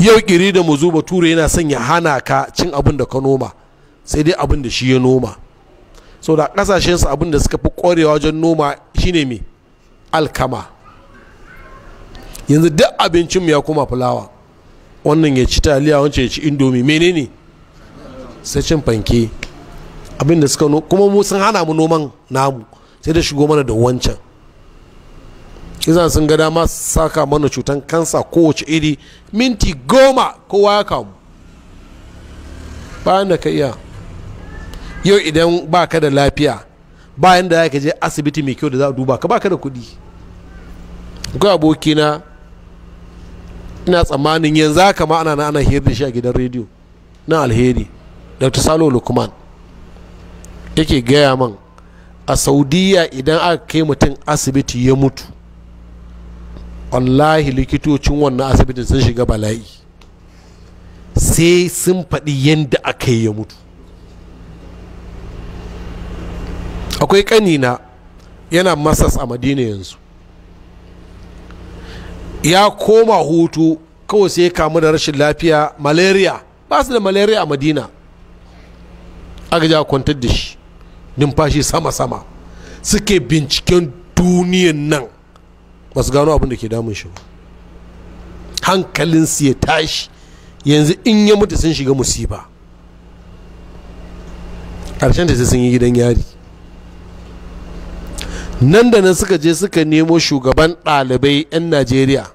yau kiri da mu zuba ture yana son ya hana ka cin abin da ka noma sai dai abin da shi ya noma sau da kasashen su abin da suka fi korewa wajen noma shine me alkama yanzu duk abincin ya koma fulawa wannan ya ci taliya wancan ya ci indomi menene sai cin fanke abin da suka kuma mu sun hana mu noman namu sai da shigo mana da wancan izan sun ga dama saka mana cutan kansa kowace iri minti goma kowa ya kamu bayan da ka iya yau idan ba ka da lafiya bayan da ka je asibiti mai kyau da za a duba ka ba ka da kuɗi ga abokina ina tsammanin yanzu haka ma ana ana hira da shi a gidan rediyo na alheri dr salo lukman yake gaya man a saudiya idan aka kai mutum asibiti ya mutu wallahi likitocin wannan asibitin sun shiga bala'i sai sun faɗi yadda aka yi ya mutu akwai ƙanina yana masas a madina yanzu ya koma hutu kawai sai kamu da rashin lafiya malaria ba su da malaria a madina aka ja kwantar da shi numfashi sama-sama suke binciken duniyan nan ba su gano abin da ke damun shi ba hankalinsu ya tashi yanzu in ya mutu sun shiga musiba ƙarshen da sun yi gidan yari nan da nan suka je suka nemo shugaban ɗalibai 'yan najeriya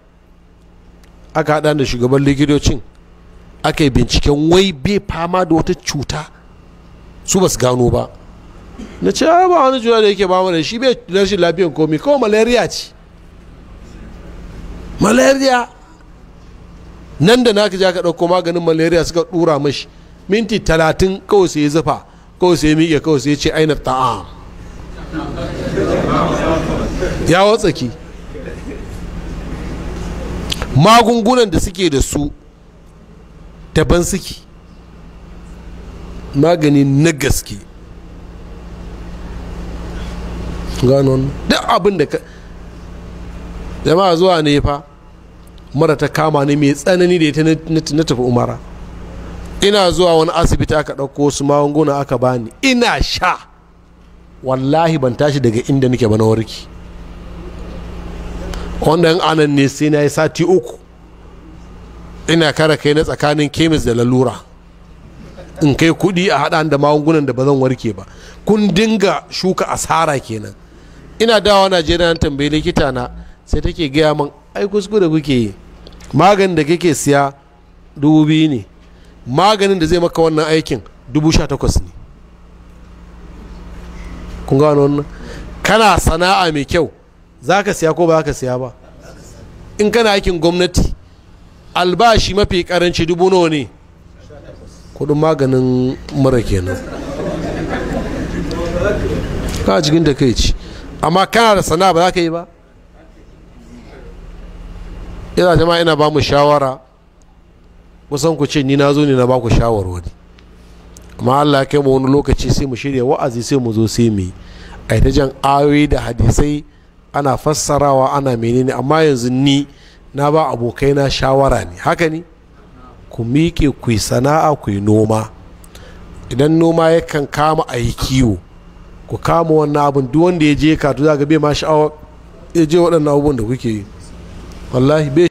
aka haɗa da shugaban likitocin aka yi binciken wai bai fama da wata cuta su ba su gano ba na ce ba wani juna da yake ba mana shi bai rashin lafiyan komi kawai malaria ce malaria nan da naka ja ka ɗauko maganin malaria suka ɗura mashi minti talatin kawai sai ya zufa kawai sai ya miƙe kawai sai ya ce aina ta'a. ya watsaki magungunan da suke da su daban suke magani na gaske ganon duk abin da ka jama'a zuwa ne fa mara ta kama ni mai tsanani da ita na tafi umara ina zuwa wani asibiti aka ɗauko wasu magunguna aka bani ina sha wallahi ban tashi daga inda nake ba na warki wannan anan ne sai na yi sati uku ina kara kai na tsakanin kemis da lalura in kai kudi a haɗa da magungunan da ba zan warke ba kun dinga shuka asara kenan ina dawa najeriya na tambayi likita na sai take gaya man ai da kuke yi maganin da kake siya dubu biyu ne maganin da zai maka wannan aikin dubu sha takwas ne kun gano wannan kana sana'a mai kyau za ka siya ko ba ka siya ba in kana aikin gwamnati albashi mafi karanci dubu nawa ne kudin maganin mura kenan ka cikin da kai ci amma kana da sana'a ba za ka yi ba ina jama'a ina ba mu shawara kusan ku ce ni na zo ne na ba ku shawarwari amma Allah ya kai mu wani lokaci sai mu shirya wa'azi sai mu zo sai mu yi ta jan ayoyi da hadisai ana fassarawa ana menene amma yanzu ni na ba abokai na shawara ne haka ne ku miƙe ku yi sana'a ku yi noma idan noma yakan kama a yi kiwo ku kama wannan abin duk wanda ya je katu za ga bai ma sha'awa ya je waɗannan abubuwan da kuke yi wallahi bai